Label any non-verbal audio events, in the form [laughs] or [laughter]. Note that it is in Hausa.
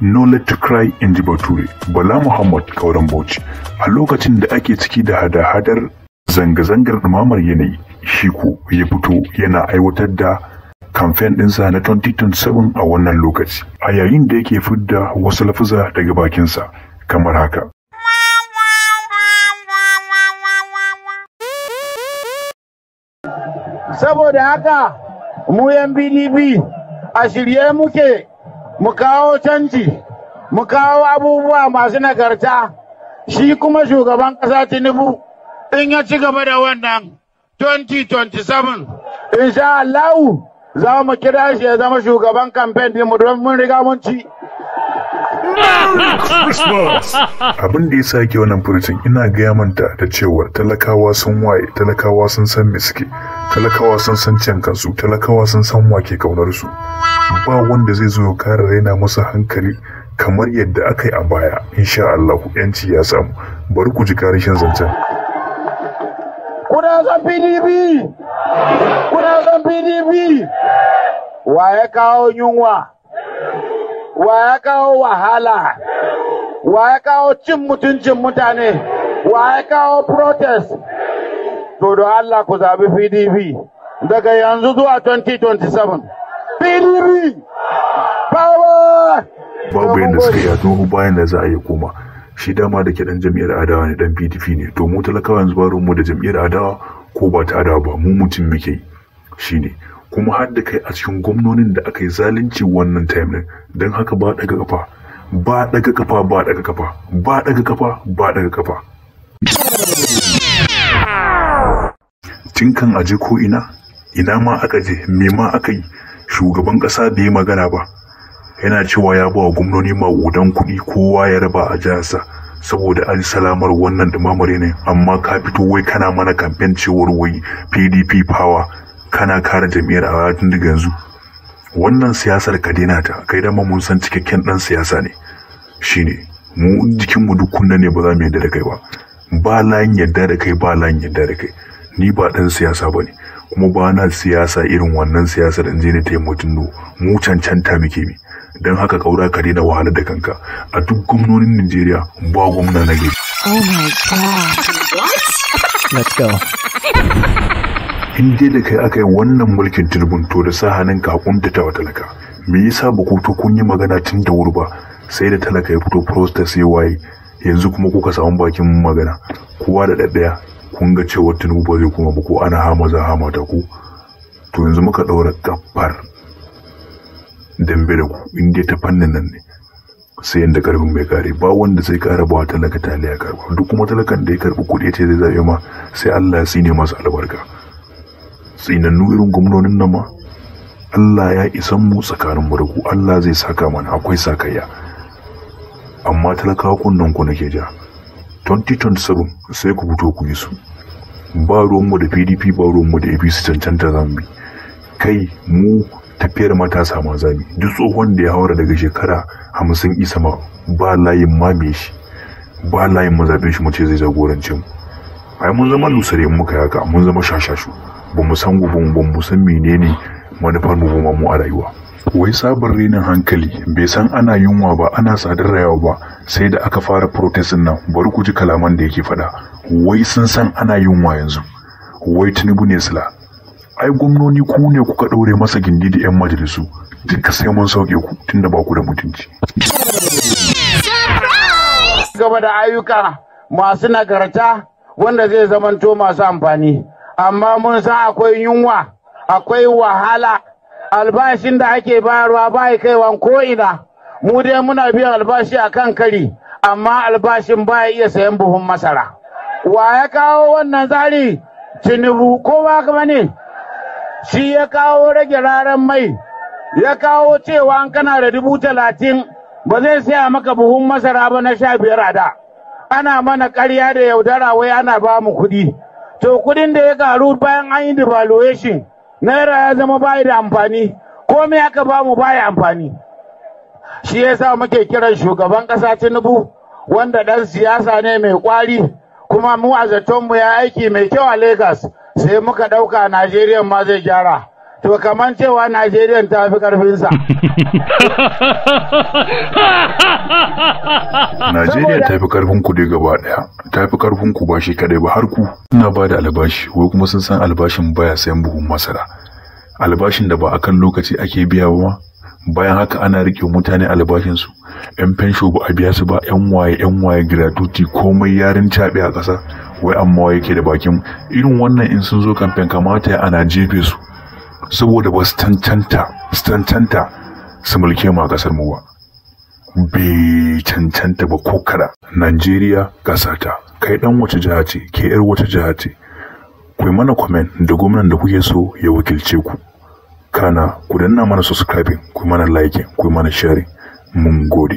no let to cry in bala muhammad kauran bauchi a lokacin da ake ciki da hada-hadar zanga-zangar ɗumamar yanayi shi ko ya fito yana aiwatar da kamfen ɗinsa na 2027 a wannan lokaci a yayin da yake fidda wasu lafuza daga bakinsa kamar haka saboda haka mu yan pdp a shirye muke mu kawo canji mu kawo abubuwa masu nagarta shi kuma shugaban ƙasa tinubu in ya ci gaba da wannan 2027 insha Allah za mu kira shi ya zama shugaban kamfen mu don mun riga mun ci Abin da ya sake wannan furucin ina gaya manta da cewar talakawa sun waye, talakawa sun san me suke, talakawa sun san can kansu, talakawa sun san wake kaunar su. Ba wanda zai zo ya kara raina masa hankali kamar yadda aka yi a baya, insha Allah yanci ya samu. Bari ku ji karishin zancen. Kuna PDP! Kuna son PDP! Wa ya kawo yunwa? wa ya kawo wahala wa ya kawo cin mutuncin mutane wa ya kawo protest to don Allah ku zaɓi PDP daga yanzu zuwa 2027 PDP power babu yadda suka yi a bayan da za a yi koma shi dama da ke dan jam'iyyar adawa ne dan PDP ne to mu talakawa yanzu ba mu da jam'iyyar adawa ko ba ta adawa ba mu mutum muke shi ne. kuma har da kai a cikin gwamnonin da aka yi zalunci wannan time din don haka ba daga kafa ba daga kafa ba daga kafa ba daga kafa ba daga kafa tinkan aje ko ina ina ma aka je me ma aka yi shugaban kasa bai yi magana ba yana cewa ya ba wa gwamnoni ma'udan kuɗi kowa ya raba a jiharsa saboda an salamar wannan dumamare ne amma ka fito wai kana mana kamfen cewar wai pdp power kana kare jam'iyyar a tun daga yanzu wannan siyasar ka daina ta kai dama mun san cikakken dan siyasa ne shine mu jikinmu duk kunne ne ba za mu yarda da kai ba ba layin yarda da kai ba layin yarda da kai ni ba dan siyasa bane kuma ba na siyasa irin wannan siyasa da je ne ta mutun no mu cancanta muke bi. dan haka kaura ka daina wahalar da kanka a duk gwamnonin Najeriya ba gwamna na gari oh my god let's go [laughs] in dai da kai aka yi wannan mulkin turbin to da sa hannunka hakunta ta wa talaka me yasa ba ku to kun yi magana tun da wuri ba sai da talaka ya fito protest ya waye yanzu kuma kuka samu bakin magana kowa da ɗaɗɗaya kun ga cewa tunubu ba zai kuma ba ko ana hama za hama ta ku to yanzu muka ɗaura kafar dambe da ku in dai ta fannin nan ne sai yanda karfin bai kare ba wanda zai kara ba talaka taliya karba duk kuma talakan da ya karbi kuɗi ce zai zaɓe ma sai Allah ya sine masa albarka tsinannu irin gwamnonin nan ma Allah ya isan mu tsakanin mu da ku Allah zai saka mana akwai sakayya amma talakawa kunnan ku nake ja 2027 sai ku fito ku yi su ba mu da pdp ba mu da apc cancanta zan bi kai mu tafiyar matasa ma zamu duk tsohon da ya haura daga shekara hamsin isa ma ba layin ma me shi ba layin mazaɓe shi mace zai jagorance mu ai mun zama lusare muka haka mun zama shashashu ba mu san uban ba mu san menene manufar mu ba mu a rayuwa wai sabon renin hankali bai san ana yunwa ba ana sadar rayuwa ba sai da aka fara protestin nan bari ku ji kalaman da yake faɗa wai sun san ana yunwa yanzu wai tinubu ne sila ai gwamnoni ku ne kuka ɗaure masa gindi da 'yan majalisu duka sai mun sauke ku tunda ba ku da mutunci gaba da ayyuka masu nagarta wanda zai zamanto masu amfani amma mun san akwai yunwa akwai wahala albashin da ake bayarwa ba kaiwa ko ina mu dai muna biyan albashi a kan kari amma albashin ba ya iya sayan buhun masara wa ya kawo wannan tsari tinubu ko ba ka ne shi ya kawo rage raran mai ya kawo cewa an kana da dubu talatin ba zai saya maka buhun masara ba na sha biyar a da ana mana karya da yaudara wai ana ba mu kuɗi to kudin da ya karu bayan an yi devaluation naira ya zama bayi da amfani ko komai aka ba bamu bayi amfani shi yasa muke kiran shugaban kasa tinubu wanda dan siyasa ne mai kwari kuma mu a zaton mu ya aiki mai kyau a lagos sai muka dauka najeriya ma zai gyara to kamar cewa Najeriya ta fi karfinsa. Najeriya ta fi karfin ku dai gaba ɗaya. ta fi karfin ku ba shi kadai ba har ku. Ina ba da albashi, wai kuma sun san albashin baya sayan buhun masara. Albashin da ba a kan lokaci ake biya ba bayan haka ana rike mutane albashinsu yan fensho ba a biya su ba yan waye yan waye gratuity komai yarin caɓe a ƙasa wai amma yake da bakin irin wannan in sun zo kamfen kamata a na jefe su saboda ba su cancanta su su mulke mu a kasar mu ba bai cancanta ba ko kada Najeriya ƙasa ta kai dan wace jiha ce ke yar wace jiha ce ku mana comment da gwamnan da kuke so ya wakilce ku kana ku danna mana subscribing ku mana liking ku mana sharing mun gode